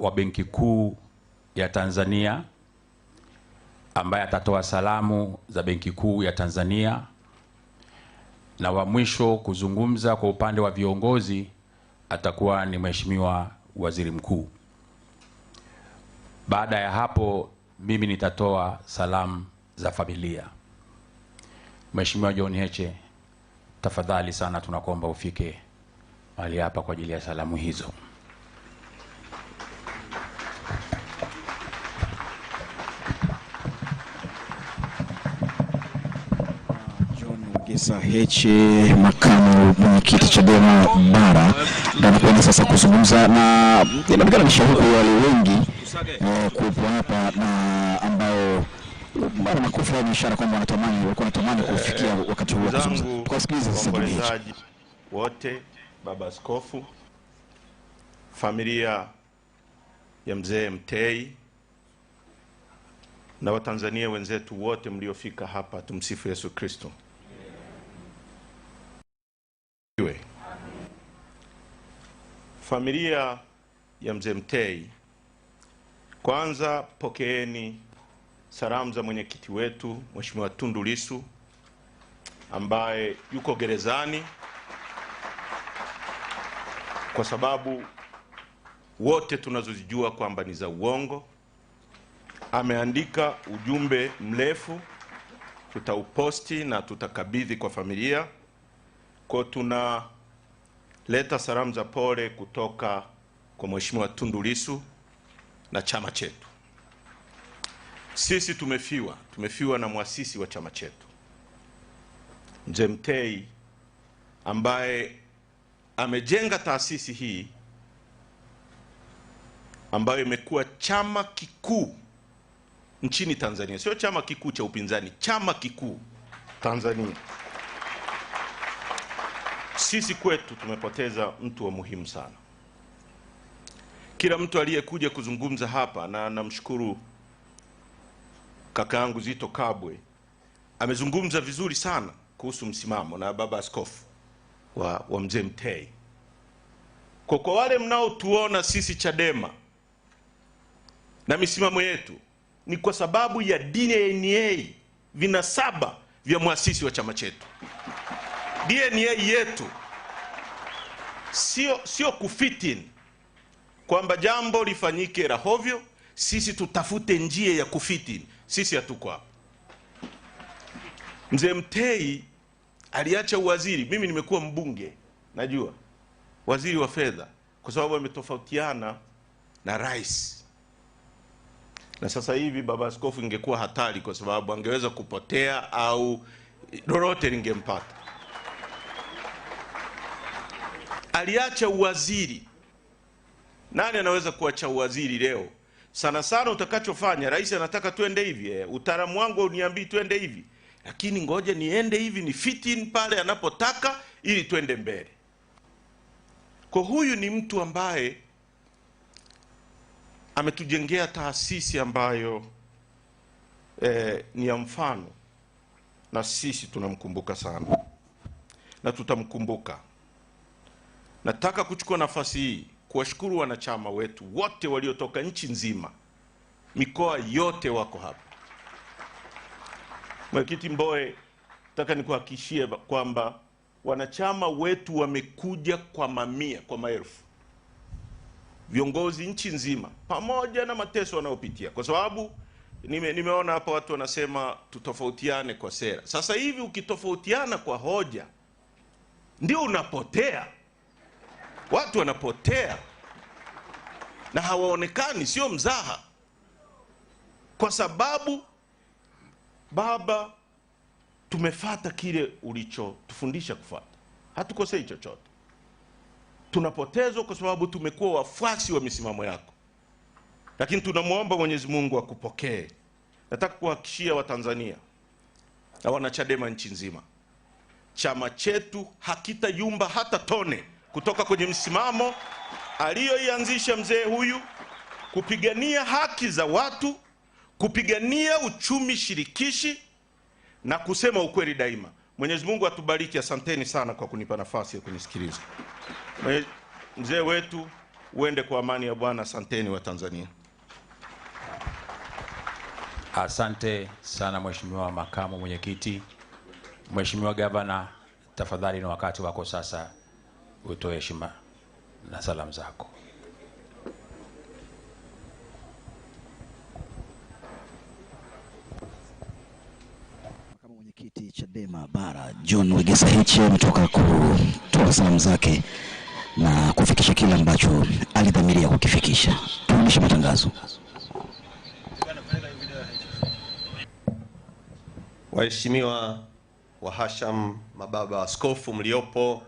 wa Benki Kuu ya Tanzania ambaye atatoa salamu za Benki Kuu ya Tanzania, na wa mwisho kuzungumza kwa upande wa viongozi atakuwa ni Mheshimiwa Waziri Mkuu. Baada ya hapo, mimi nitatoa salamu za familia. Mheshimiwa John Heche, tafadhali sana tunakuomba ufike mahali hapa kwa ajili ya salamu hizo. Isa Heche, makamu mwenyekiti Chadema Bara, anakwenda sasa kuzungumza na inaonekana ni shauku wale wengi eh, kuwepo hapa na ambao mara makofi ni ishara kwamba wanatamani walikuwa wanatamani kufikia eh, wakati huu wa kuzungumza. Tukasikilize sasa waombolezaji wote, baba askofu, familia ya mzee Mtei na Watanzania wenzetu wote mliofika hapa, tumsifu Yesu Kristo. Familia ya mzee Mtei, kwanza pokeeni salamu za mwenyekiti wetu Mheshimiwa Tundu Lissu ambaye yuko gerezani kwa sababu wote tunazozijua kwamba ni za uongo. Ameandika ujumbe mrefu, tutauposti na tutakabidhi kwa familia kwao. tuna leta salamu za pole kutoka kwa Mheshimiwa Tundu Lissu na chama chetu. Sisi tumefiwa, tumefiwa na mwasisi wa chama chetu Mzee Mtei ambaye amejenga taasisi hii ambayo imekuwa chama kikuu nchini Tanzania, sio chama kikuu cha upinzani, chama kikuu Tanzania. Sisi kwetu tumepoteza mtu wa muhimu sana. Kila mtu aliyekuja kuzungumza hapa, na namshukuru kaka yangu Zito Kabwe amezungumza vizuri sana kuhusu msimamo na baba askofu wa, wa mzee Mtei. Kwa kwa wale mnaotuona sisi Chadema na misimamo yetu ni kwa sababu ya DNA vinasaba vya mwasisi wa chama chetu. DNA yetu sio sio kufitin kwamba jambo lifanyike hovyo, sisi tutafute njia ya kufitin. Sisi hatuko hapo. Mzee Mtei aliacha uwaziri, mimi nimekuwa mbunge, najua waziri wa fedha, kwa sababu ametofautiana na rais. Na sasa hivi baba askofu ingekuwa hatari, kwa sababu angeweza kupotea au lolote lingempata. aliacha uwaziri. Nani anaweza kuacha uwaziri leo? Sana sana utakachofanya, rais anataka twende hivi eh, utaalamu wangu uniambii tuende hivi, lakini ngoja niende hivi, ni fit in pale anapotaka ili twende mbele. Kwa huyu ni mtu ambaye ametujengea taasisi ambayo eh, ni ya mfano, na sisi tunamkumbuka sana na tutamkumbuka. Nataka kuchukua nafasi hii kuwashukuru wanachama wetu wote waliotoka nchi nzima, mikoa yote wako hapa. Mwenyekiti Mbowe, nataka nikuhakikishie kwamba wanachama wetu wamekuja kwa mamia, kwa maelfu, viongozi nchi nzima, pamoja na mateso wanayopitia, kwa sababu nime, nimeona hapa watu wanasema tutofautiane kwa sera. Sasa hivi ukitofautiana kwa hoja ndio unapotea. Watu wanapotea na hawaonekani, sio mzaha, kwa sababu Baba, tumefata kile ulichotufundisha kufata, hatukosei chochote. Tunapotezwa kwa sababu tumekuwa wafuasi wa misimamo yako, lakini tunamwomba Mwenyezi Mungu akupokee. Nataka kuhakikishia Watanzania na Wanachadema nchi nzima, chama chetu hakitayumba hata tone kutoka kwenye msimamo aliyoianzisha mzee huyu kupigania haki za watu, kupigania uchumi shirikishi na kusema ukweli daima. Mwenyezi Mungu atubariki. Asanteni sana kwa kunipa nafasi ya kunisikiliza. Mzee wetu uende kwa amani ya Bwana. Asanteni wa Tanzania. Asante sana Mheshimiwa makamu mwenyekiti. Mheshimiwa gavana, tafadhali na wakati wako sasa utoe heshima na salamu zako. mwenyekiti Chadema Bara John Wegesa hichi ametoka kutoa salamu zake na kufikisha kile ambacho alidhamiria kukifikisha. Turudishe matangazo. Waheshimiwa wahasham, mababa askofu mliopo,